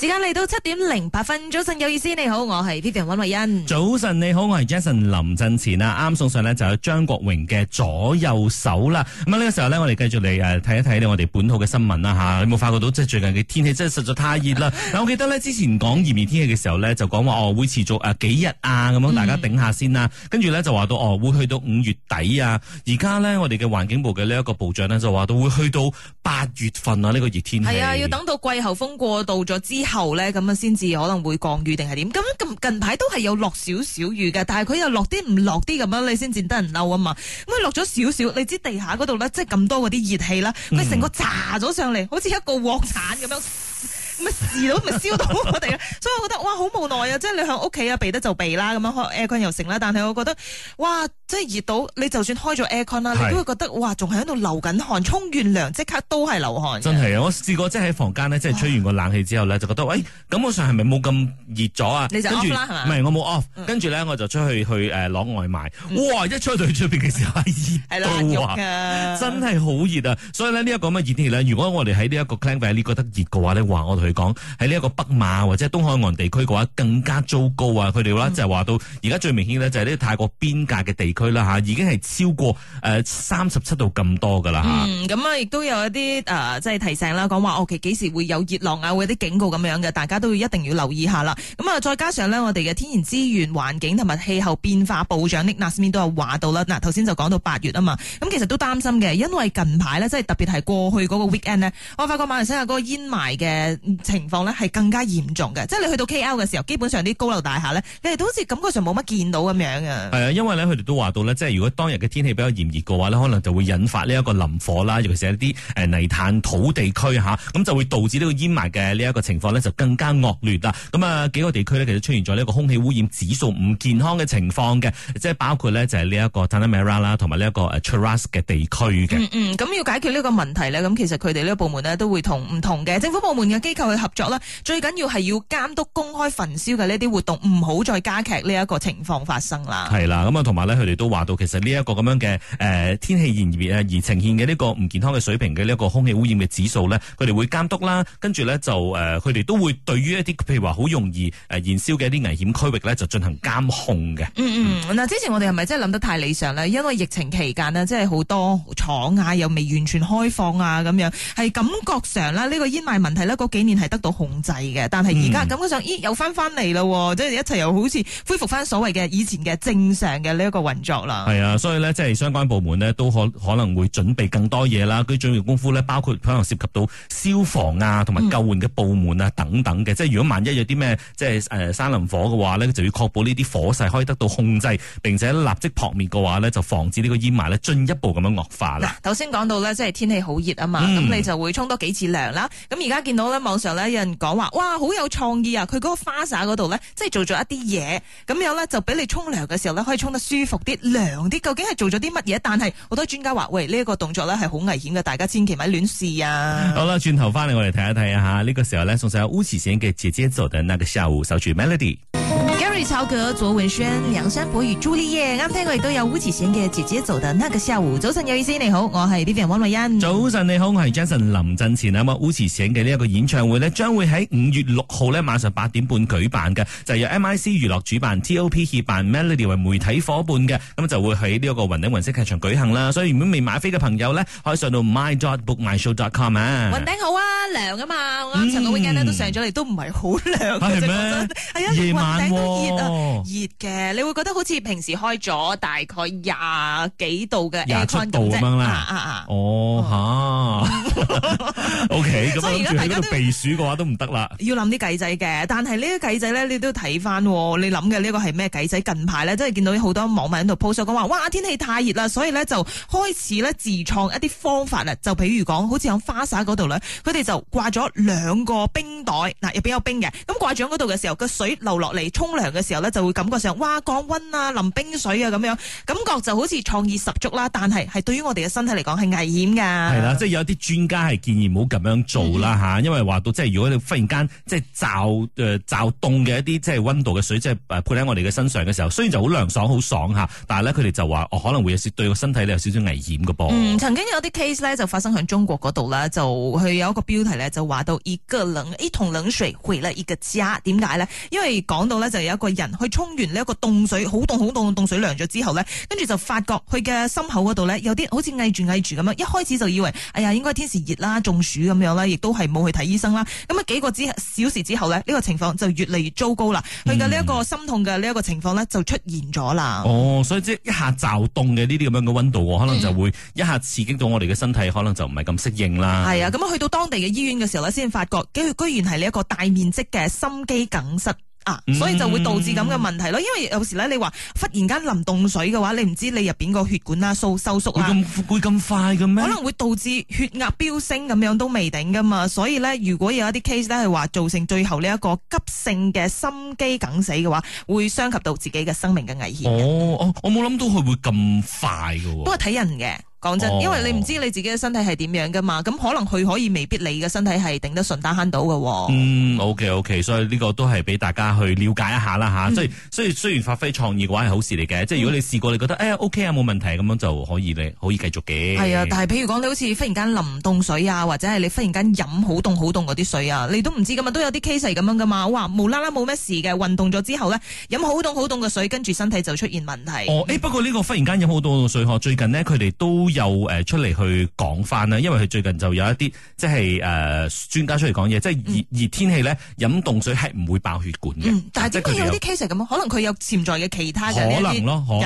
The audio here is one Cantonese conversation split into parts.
時間嚟到七點零八分，早晨有意思，你好，我係 Pierre 溫慧欣。早晨你好，我係 Jason 林振前啊！啱送上呢就有張國榮嘅左右手啦。咁啊呢個時候呢，我哋繼續嚟誒睇一睇我哋本土嘅新聞啦吓、啊。你有冇發覺到即係最近嘅天氣真係實在太熱啦？嗱， 我記得呢，之前講炎熱天氣嘅時候呢，就講話哦會持續誒幾日啊咁樣大家頂下先啦。跟住呢，就話到哦會去到五月底啊。而家呢，我哋嘅環境部嘅呢一個部長呢，就話到會去到八月，月份啊呢、呢個熱天氣係啊，要等到季候風過渡咗之後頭咧咁樣，先至可能會降雨定係點？咁近近排都係有落少少雨嘅，但係佢又落啲唔落啲咁樣，你先至得人嬲啊嘛！咁佢落咗少少，你知地下嗰度咧，即係咁多嗰啲熱氣啦，佢成個炸咗上嚟，嗯、好似一個鑊鏟咁樣。咪事到咪燒到我哋啊！ 所以我覺得哇，好無奈啊！即係你喺屋企啊，避得就避啦，咁樣開 aircon 又成啦。但係我覺得哇，即係熱到你，就算開咗 aircon 啦是，你都會覺得哇，仲係喺度流緊汗，沖完涼即刻都係流汗。流汗真係啊！我試過即係喺房間呢，即係吹完個冷氣之後呢，哇就覺得誒，感、哎、覺上係咪冇咁熱咗啊？你就 off 啦係咪？唔係著嗎我冇 off，跟住呢，我就出去去誒攞外賣。嗯、哇！一出到去出面嘅時候， 的熱到啊！真係好熱啊！所以呢，呢一個咁嘅熱天氣如果我哋喺呢一個 Klang Valley 你覺得熱嘅話咧，話我講喺呢一個北馬或者東海岸地區嘅話更加糟糕啊！佢哋話就話到而家最明顯咧就係、是、呢泰國邊界嘅地區啦吓，已經係超過誒三十七度咁多噶啦。咁啊亦都有一啲誒即係提醒啦，講話哦其幾時會有熱浪啊，會有啲警告咁樣嘅，大家都要一定要留意下啦。咁、嗯、啊再加上咧，我哋嘅天然資源、環境同埋氣候變化部長 Nik Nazmi 都有話到啦。嗱，頭先就講到八月啊嘛，咁其實都擔心嘅，因為近排咧即係特別係過去嗰個 weekend 呢，我發覺馬來西亞嗰個煙霾嘅。情況呢係更加嚴重嘅，即係你去到 K.L. 嘅時候，基本上啲高樓大廈呢，你哋都好似感覺上冇乜見到咁樣嘅。係啊，因為咧佢哋都話到咧，即係如果當日嘅天氣比較炎熱嘅話咧，可能就會引發呢一個林火啦，尤其是係一啲誒泥炭土地區吓，咁、啊、就會導致呢個煙霾嘅呢一個情況呢就更加惡劣啦。咁啊幾個地區呢，其實出現咗呢一個空氣污染指數唔健康嘅情況嘅，即係包括呢，就係呢一個 Tanamera 啦，同埋呢一個誒 Cheras 嘅地區嘅、嗯。嗯咁、嗯、要解決呢個問題呢，咁其實佢哋呢個部門呢，都會同唔同嘅政府部門嘅機構，去合作啦，最緊要係要監督公開焚燒嘅呢啲活動，唔好再加劇呢一個情況發生啦。係啦，咁啊，同埋咧，佢哋都話到，其實呢一個咁樣嘅誒、呃、天氣炎熱而、呃呃呃、呈現嘅呢個唔健康嘅水平嘅呢一個空氣污染嘅指數咧，佢哋會監督啦，跟住咧就誒，佢、呃、哋都會對於一啲譬如話好容易誒燃燒嘅一啲危險區域咧，就進行監控嘅。嗯嗯，嗱、嗯，之前我哋係咪真係諗得太理想咧？因為疫情期間咧，即係好多廠啊，又未完全開放啊，咁樣係感覺上啦，呢、這個煙霾問題咧，嗰幾年。係得到控制嘅，但係而家感覺上，咦，又翻翻嚟咯，嗯、即係一齊又好似恢復翻所謂嘅以前嘅正常嘅呢一個運作啦。係啊，所以咧，即係相關部門呢都可可能會準備更多嘢啦，跟住準備功夫呢，包括可能涉及到消防啊，同埋救援嘅部門啊、嗯、等等嘅。即係如果萬一有啲咩，即係誒、呃、山林火嘅話呢，就要確保呢啲火勢可以得到控制，並且立即撲滅嘅話呢，就防止呢個煙霾呢進一步咁樣惡化啦。嗱，頭先講到呢，即係天氣好熱啊嘛，咁你就會沖多幾次涼啦。咁而家見到呢。上咧有人講話哇好有創意啊，佢嗰個花灑嗰度咧，即係做咗一啲嘢，咁樣咧就俾你沖涼嘅時候咧，可以沖得舒服啲、涼啲。究竟係做咗啲乜嘢？但係好多專家話，喂呢一個動作咧係好危險嘅，大家千祈咪亂試啊！好啦，轉頭翻嚟我哋睇一睇啊吓，呢個時候咧送上烏池先嘅姐姐走的那個下午，守住 Melody。曹格、卓文萱、梁山伯與朱麗葉，啱聽我哋都有巫啟賢嘅姐姐走的那個下午。早晨，有意思。你好，我係 B B 王麗欣。早、嗯、晨，你好，我係 Jensen。臨陣前啊，巫啟賢嘅呢一個演唱會咧，將會喺五月六號咧晚上八點半舉辦嘅，就由 M I C 娛樂主辦，T O P 協辦，Melody 為媒體伙伴嘅，咁就會喺呢一個雲頂雲色劇場舉行啦。所以如果未買飛嘅朋友呢，可以上到 mydotbookmyshow.com 啊。雲頂好啊，涼啊嘛，我啱上個 weekend 都上咗嚟，都唔係好涼嘅，係咩？嗯、夜晚、啊、雲頂都熱。熱嘅、哦，你會覺得好似平時開咗大概廿幾度嘅 A C 咁啫，廿七度咁樣啦，啊啊啊，啊啊哦吓，O K，咁所以而家都避暑嘅話都唔得啦，要諗啲計仔嘅，但係呢啲計仔咧，你都睇翻，你諗嘅呢個係咩計仔？近排咧，真係見到好多網民喺度鋪晒講話，哇，天氣太熱啦，所以咧就開始咧自創一啲方法啦，就譬如講，好似響花灑嗰度咧，佢哋就掛咗兩個冰袋，嗱，入邊有冰嘅，咁掛住喺嗰度嘅時候，個水流落嚟沖涼嘅。嘅時候咧，就會感覺上哇降溫啊，淋冰水啊咁樣，感覺就好似創意十足啦。但係係對於我哋嘅身體嚟講係危險㗎。係啦，即係有啲專家係建議唔好咁樣做啦、吓、因為話到即係如果你忽然間即係驟誒驟凍嘅一啲即係溫度嘅水，即係潑喺我哋嘅身上嘅時候，雖然就好涼爽好爽吓，但係咧佢哋就話、哦、可能會有對對個身體有少少危險㗎噃、嗯。曾經有啲 case 咧就發生喺中國嗰度啦，就佢有一個標題咧就話到一個冷一桶冷水毀了一個家。點解咧？因為講到咧就有一個人去沖完呢一個凍水，好凍好凍凍水涼咗之後咧，跟住就發覺佢嘅心口嗰度咧有啲好似翳住翳住咁樣，一開始就以為哎呀應該天時熱啦，中暑咁樣啦，亦都係冇去睇醫生啦。咁啊幾個之小時之後呢，呢、呢個情況就越嚟越糟糕啦，佢嘅呢一個心痛嘅呢一個情況咧就出現咗啦、嗯。哦，所以即係一下驟凍嘅呢啲咁樣嘅温度，可能就會一下刺激到我哋嘅身體，嗯、可能就唔係咁適應啦。係啊，咁去到當地嘅醫院嘅時候咧，先發覺，佢居然係呢一個大面積嘅心肌梗塞。啊，所以就會導致咁嘅問題咯，因為有時咧，你話忽然間淋凍水嘅話，你唔知你入邊個血管啦收收縮啊，會咁會咁快嘅咩？可能會導致血壓飆升咁樣都未定噶嘛，所以咧，如果有一啲 case 咧係話造成最後呢一個急性嘅心肌梗死嘅話，會傷及到自己嘅生命嘅危險。哦，我冇諗到佢會咁快喎，都係睇人嘅。講真，因為你唔知你自己嘅身體係點樣噶嘛，咁、哦、可能佢可以未必你嘅身體係頂得順打慳到嘅、哦。嗯，OK OK，所以呢個都係俾大家去了解一下啦吓、嗯。所以雖然雖然發揮創意嘅話係好事嚟嘅，嗯、即係如果你試過你覺得誒、哎、OK 啊冇問題，咁樣就可以，你可以繼續嘅。係啊，但係譬如講你好似忽然間淋凍水啊，或者係你忽然間飲好凍好凍嗰啲水啊，你都唔知噶嘛，都有啲 case 咁樣噶嘛，哇無啦啦冇咩事嘅，運動咗之後呢，飲好凍好凍嘅水，跟住身體就出現問題。哦欸嗯、不過呢個忽然間飲好凍水、啊，我最近呢，佢哋都。又誒出嚟去講翻啦，因為佢最近就有一啲即係誒、呃、專家出嚟講嘢，即係熱熱天氣咧，飲凍水係唔會爆血管嘅、嗯。但係即係有啲 case 咁，可能佢有潛在嘅其他嘅一啲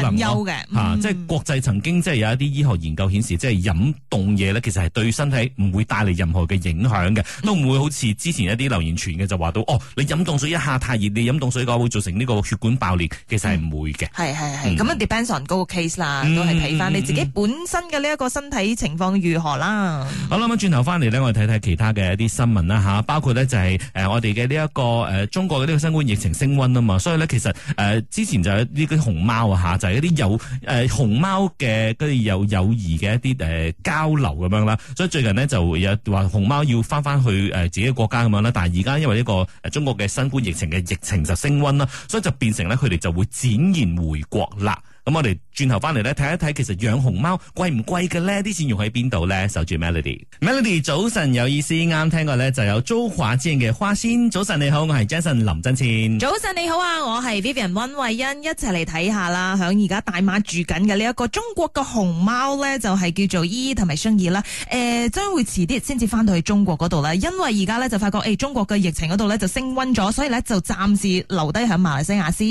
人優嘅，即係國際曾經即係有一啲醫學研究顯示，即係飲凍嘢咧，其實係對身體唔會帶嚟任何嘅影響嘅，都唔會好似之前一啲流言傳嘅就話到，哦，你飲凍水一下太熱，你飲凍水嘅話會造成呢個血管爆裂，其實係唔會嘅。係係係，咁啊 depends on 嗰個 case 啦，都係睇翻你自己本身、嗯。嗯呢一個身體情況如何啦？好啦，咁轉頭翻嚟咧，我哋睇睇其他嘅一啲新聞啦吓，包括咧就係誒我哋嘅呢一個誒、呃、中國嘅呢個新冠疫情升溫啊嘛，所以咧其實誒、呃、之前就有啲啲熊貓啊吓，就係、是、一啲有誒熊、呃、貓嘅跟住有友誼嘅一啲誒、呃、交流咁樣啦，所以最近呢，就有話熊貓要翻翻去誒自己國家咁樣啦，但係而家因為呢、這個誒、呃、中國嘅新冠疫情嘅疫情就升溫啦，所以就變成咧佢哋就會展現回國啦。咁我哋轉頭翻嚟咧睇一睇，其實養熊貓貴唔貴嘅呢？啲錢用喺邊度呢？守住 Melody，Melody Mel 早晨有意思，啱聽過咧就有租華之嘅花仙早晨你好，我係 Jason 林振千。早晨你好啊，我係 Vivian 溫慧欣，一齊嚟睇下啦。響而家大馬住緊嘅呢一個中國嘅熊貓咧，就係叫做依依同埋升誼啦。誒，將會遲啲先至翻到去中國嗰度啦，因為而家咧就發覺誒、哎、中國嘅疫情嗰度咧就升溫咗，所以咧就暫時留低響馬來西亞先。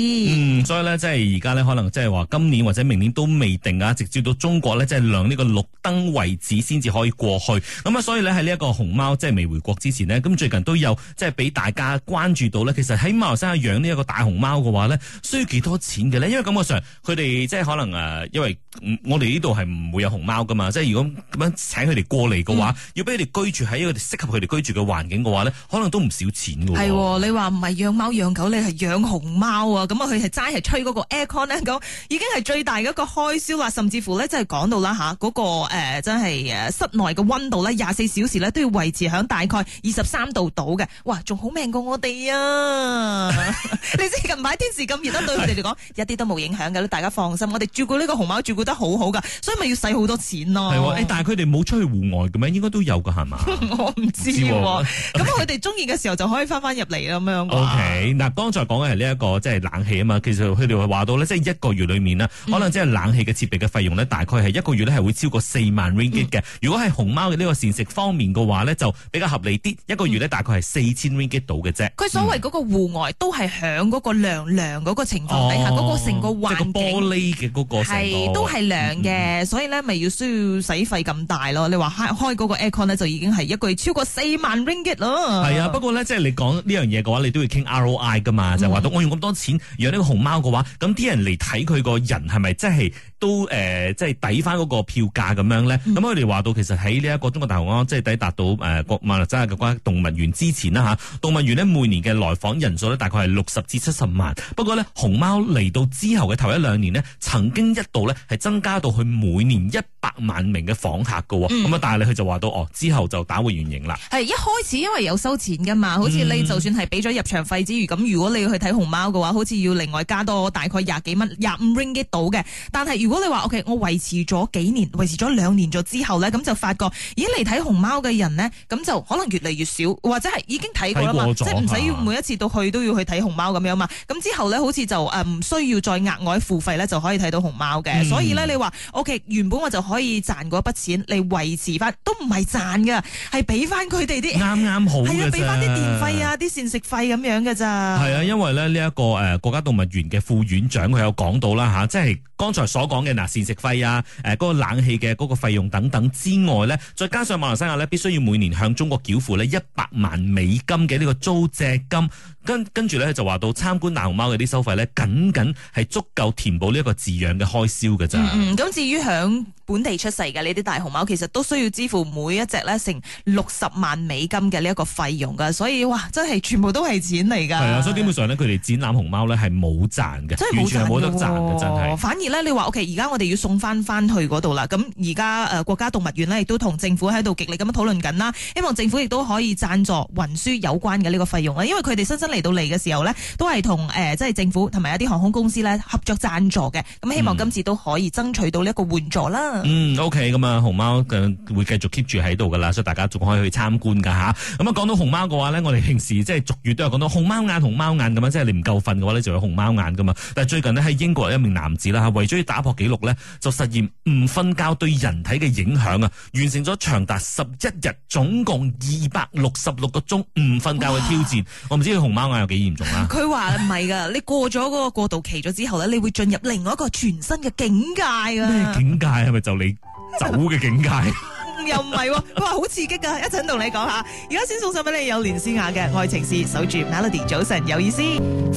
嗯，所以咧即係而家咧可能即係話今。今年或者明年都未定啊！直至到中國咧，即係亮呢個綠燈為止，先至可以過去。咁、嗯、啊，所以咧喺呢一個熊貓即係未回國之前咧，咁最近都有即係俾大家關注到咧。其實喺馬來西亞養呢一個大熊貓嘅話咧，需要幾多錢嘅咧？因為咁嘅上佢哋即係可能誒、呃，因為我哋呢度係唔會有熊貓噶嘛。即係如果咁樣請佢哋過嚟嘅話，嗯、要俾佢哋居住喺一個適合佢哋居住嘅環境嘅話咧，可能都唔少錢嘅。係、哦、你話唔係養貓養狗，你係養熊貓啊？咁啊，佢係齋係吹嗰個 aircon 咧，講已經。係最大嘅一個開銷啦，甚至乎咧，即係講到啦吓，嗰、那個誒、呃，真係誒室內嘅温度咧，廿四小時咧都要維持響大概二十三度度嘅，哇，仲好命過我哋啊！ 你知近排天時咁熱，對的都對佢哋嚟講一啲都冇影響噶，大家放心，我哋照顧呢個熊貓照顧得好好噶，所以咪要使好多錢咯、啊啊欸。但係佢哋冇出去戶外嘅咩？應該都有噶係嘛？ 我唔知、啊，咁佢哋中意嘅時候就可以翻翻入嚟啦，咁 okay 樣。O K，嗱，剛才講嘅係呢一個即係冷氣啊嘛，其實佢哋話到咧，即係一個月裏面嗯、可能即係冷氣嘅設備嘅費用咧，大概係一個月咧係會超過四萬 ringgit 嘅。嗯、如果係熊貓嘅呢個膳食方面嘅話咧，就比較合理啲，一個月咧大概係四千 ringgit 到嘅啫。佢、嗯、所謂嗰個戶外都係響嗰個涼涼嗰個情況底下，嗰、哦就係、個成個環玻璃嘅嗰個係都係涼嘅，嗯、所以咧咪要需要使費咁大咯？你話開嗰個 aircon 咧就已經係一個月超過四萬 ringgit 咯。係啊，不過咧即係你講呢樣嘢嘅話，你都要傾 ROI 噶嘛？就話、係、到我用咁多錢養呢個熊貓嘅話，咁啲人嚟睇佢個。人係咪真係。都誒、呃，即係抵翻嗰個票價咁樣咧。咁佢哋話到，其實喺呢一個中國大熊貓，即係抵達到誒、呃、國馬來西亞嘅關動物園之前啦嚇、啊。動物園呢，每年嘅來訪人數咧，大概係六十至七十萬。不過呢，熊貓嚟到之後嘅頭一兩年呢，曾經一度呢係增加到去每年一百萬名嘅訪客嘅。咁啊、嗯，但係佢就話到哦，之後就打回原形啦。係一開始因為有收錢嘅嘛，好似你就算係俾咗入場費之餘，咁、嗯、如果你要去睇熊貓嘅話，好似要另外加多大概廿幾蚊、廿五 ringgit 到嘅。但係如果如果你話 OK，我維持咗幾年，維持咗兩年咗之後咧，咁就發覺，而家嚟睇熊貓嘅人咧，咁就可能越嚟越少，或者係已經睇過啦嘛，即係唔使每一次到去都要去睇熊貓咁樣嘛。咁之後咧，好似就誒唔需要再額外付費咧，就可以睇到熊貓嘅。嗯、所以咧，你話 OK，原本我就可以賺嗰一筆錢嚟維持翻，都唔係賺噶，係俾翻佢哋啲啱啱好，係啊，俾翻啲電費啊、啲膳 食費咁樣嘅咋。係啊，因為咧呢一個誒國家動物園嘅副院長佢有講到啦吓、啊，即係剛才所講。嘅嗱，膳食費啊，誒，嗰個冷氣嘅嗰個費用等等之外咧，再加上馬來西亞咧，必須要每年向中國繳付咧一百萬美金嘅呢個租借金。跟跟住咧就話到參觀大熊貓嘅啲收費咧，僅僅係足夠填補呢一個飼養嘅開銷嘅咋。咁、嗯嗯、至於響本地出世嘅呢啲大熊貓，其實都需要支付每一隻咧成六十萬美金嘅呢一個費用噶，所以哇，真係全部都係錢嚟㗎。係啊，所以基本上咧，佢哋展覽熊貓咧係冇賺嘅，賺賺完全冇得賺嘅，哦、真係。反而咧，你話 OK，而家我哋要送翻翻去嗰度啦。咁而家誒國家動物園咧亦都同政府喺度極力咁樣討論緊啦，希望政府亦都可以贊助運輸有關嘅呢個費用啊，因為佢哋新新，嚟到嚟嘅時候呢，都係同誒，即、呃、係政府同埋一啲航空公司咧合作贊助嘅，咁希望今次都可以爭取到呢一個援助啦。嗯，OK 噶、嗯、嘛，熊貓嘅會繼續 keep 住喺度噶啦，所以大家仲可以去參觀噶吓。咁、嗯、啊，講、嗯、到熊貓嘅話呢，我哋平時即係逐月都有講到熊貓眼、熊貓眼咁樣，即係你唔夠瞓嘅話咧就有熊貓眼噶嘛。但係最近呢，喺英國有一名男子啦，為咗要打破紀錄呢，就實驗唔瞓覺對人體嘅影響啊，完成咗長達十一日，總共二百六十六個鐘唔瞓覺嘅挑戰。哇我唔知熊貓。有幾嚴重啊？佢話唔係噶，你過咗嗰個過渡期咗之後咧，你會進入另外一個全新嘅境界啊！咩境界？係咪就你走嘅境界？ 又唔係，佢話好刺激㗎，一陣同你講下，而家先送上俾你有連詩雅嘅愛情事。守住 Melody 早晨有意思。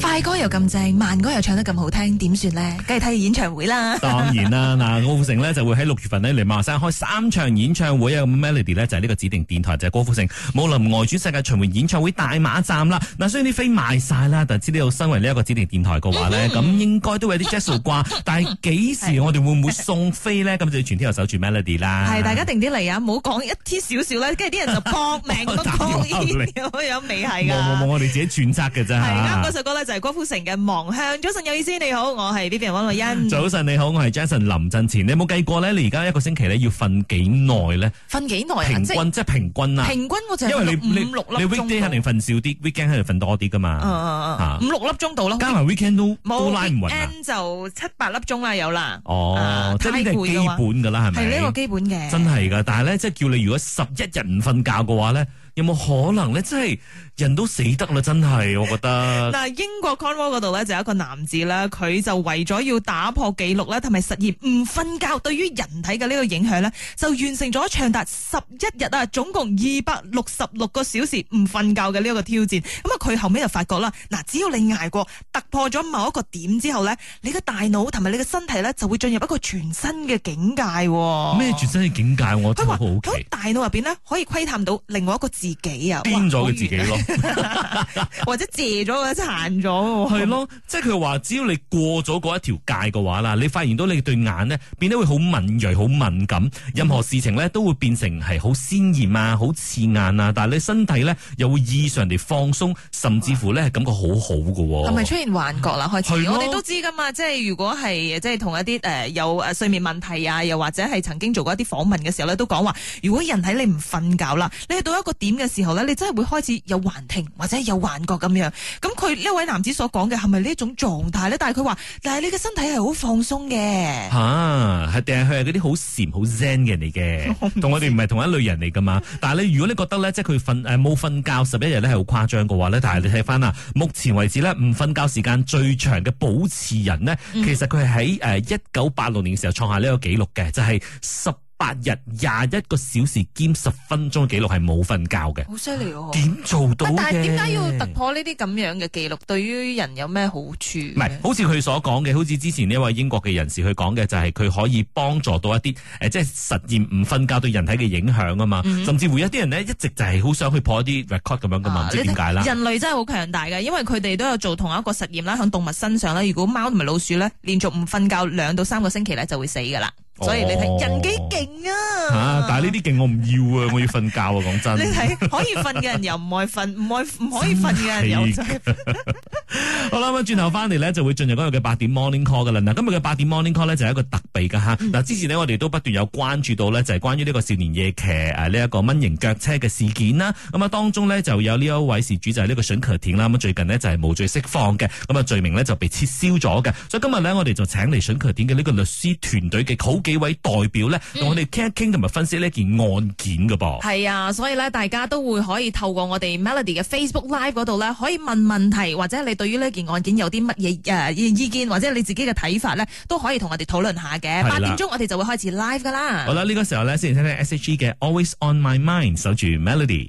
快歌又咁正，慢歌又唱得咁好聽，點算呢？梗係睇演唱會啦。當然啦，嗱，郭富城呢就會喺六月份咧嚟馬來西亞開三場演唱會啊。咁 Melody 咧就係呢個指定電台，就係郭富城武林外傳世界巡迴演唱會大馬站啦。嗱，雖然啲飛賣晒啦，但係知到身為呢一個指定電台嘅話呢，咁應該都有啲 jet so 掛。但係幾時我哋會唔會送飛呢？咁就全天候守住 Melody 啦。係，大家定啲嚟啊！唔好講一啲少少咧，跟住啲人就搏命咁講呢啲咁樣未係噶。冇冇冇，我哋自己揣測嘅啫。係啱嗰首歌咧，就係郭富城嘅《望向》。早晨有意思，你好，我係 Melody 溫麗欣。早晨你好，我係 Jason 林振前。你有冇計過咧？你而家一個星期咧要瞓幾耐咧？瞓幾耐平即係即係平均啊。平均因為你五六粒。你 weekday 肯定瞓少啲，weekend 肯定瞓多啲噶嘛。五六粒鐘到啦。加埋 weekend 都都拉唔勻。就七八粒鐘啦，有啦。哦，即係呢個基本噶啦，係咪？係呢個基本嘅。真係噶，但係咧即係叫你，如果十一日唔瞓覺嘅話咧，有冇可能咧？即係。人都死得啦，真係我覺得。嗱， 英國 Convo 嗰度咧，就有一個男子啦，佢就為咗要打破紀錄咧，同埋實現唔瞓覺對於人體嘅呢個影響咧，就完成咗長達十一日啊，總共二百六十六個小時唔瞓覺嘅呢個挑戰。咁啊，佢後尾就發覺啦，嗱，只要你挨過突破咗某一個點之後咧，你嘅大腦同埋你嘅身體咧就會進入一個全新嘅境界。咩全新嘅境界？我真好奇。喺、那個、大腦入邊咧可以窺探到另外一個自己啊，癲咗嘅自己咯。 或者借咗嘅行咗，係咯，即係佢話，只要你過咗嗰一條界嘅話啦， 你發現到你對眼呢變得會好敏銳、好敏感，任何事情呢都會變成係好鮮艷啊、好刺眼啊。但係你身體呢，又會異常地放鬆，甚至乎呢感覺好好喎。係咪出現幻覺啦？開始， 是的 我哋都知噶嘛，即係如果係即係同一啲誒有誒睡眠問題啊，又或者係曾經做過一啲訪問嘅時候呢，都講話如果人體你唔瞓覺啦，你到一個點嘅時候呢，你真係會開始有或者有幻覺咁樣，咁佢呢位男子所講嘅係咪呢一種狀態咧？但係佢話，但係你嘅身體係好放鬆嘅，吓係定係佢係嗰啲好禪、好 zen 嘅嚟嘅，我同我哋唔係同一類人嚟噶嘛？ 但係你，如果你覺得咧，即係佢瞓誒冇瞓覺十一日咧係好誇張嘅話咧，但係你睇翻啦，目前為止咧唔瞓覺時間最長嘅保持人呢，嗯、其實佢係喺誒一九八六年嘅時候創下呢個紀錄嘅，就係十。八日廿一個小時兼十分鐘記錄係冇瞓覺嘅，好犀利哦！點做到？但係點解要突破呢啲咁樣嘅記錄？對於人有咩好處？唔係，好似佢所講嘅，好似之前呢位英國嘅人士佢講嘅就係、是、佢可以幫助到一啲誒，即係實驗唔瞓覺對人體嘅影響啊嘛，嗯、哼甚至乎一啲人呢，一直就係好想去破一啲 record 咁樣嘅問題，唔知點解啦？人類真係好強大嘅，因為佢哋都有做同一個實驗啦，響動物身上啦，如果貓同埋老鼠咧連續唔瞓覺兩到三個星期咧，就會死噶啦。所以你睇、哦、人幾勁啊！吓、啊，但係呢啲勁我唔要啊，我要瞓覺啊，講 真。你睇可以瞓嘅人又唔愛瞓，唔愛唔可以瞓嘅人又。真 好啦，咁轉頭翻嚟咧，就會進入嗰日嘅八點 Morning Call 噶啦。嗱，今日嘅八點 Morning Call 咧就係一個特備噶吓。嗱、嗯，之前呢，我哋都不斷有關注到咧，就係關於呢個少年夜騎誒呢一個蚊型腳車嘅事件啦。咁啊當中呢，就有呢一位事主就係、是、呢個沈可婷啦。咁最近呢，就係無罪釋放嘅，咁啊罪名呢就被撤銷咗嘅。所以今日呢，我哋就請嚟沈可婷嘅呢個律師團隊嘅好幾位代表呢，同、嗯、我哋傾一傾，同埋分析呢件案件噶噃。係啊，所以呢，大家都會可以透過我哋 Melody 嘅 Facebook Live 嗰度呢，可以問問題或者你對，對於呢件案件有啲乜嘢誒意見或者你自己嘅睇法咧，都可以同我哋討論下嘅。八點鐘我哋就會開始 live 噶啦。好啦，呢個時候咧，先嚟聽聽 S H G 嘅《Always On My Mind》，守住 Melody。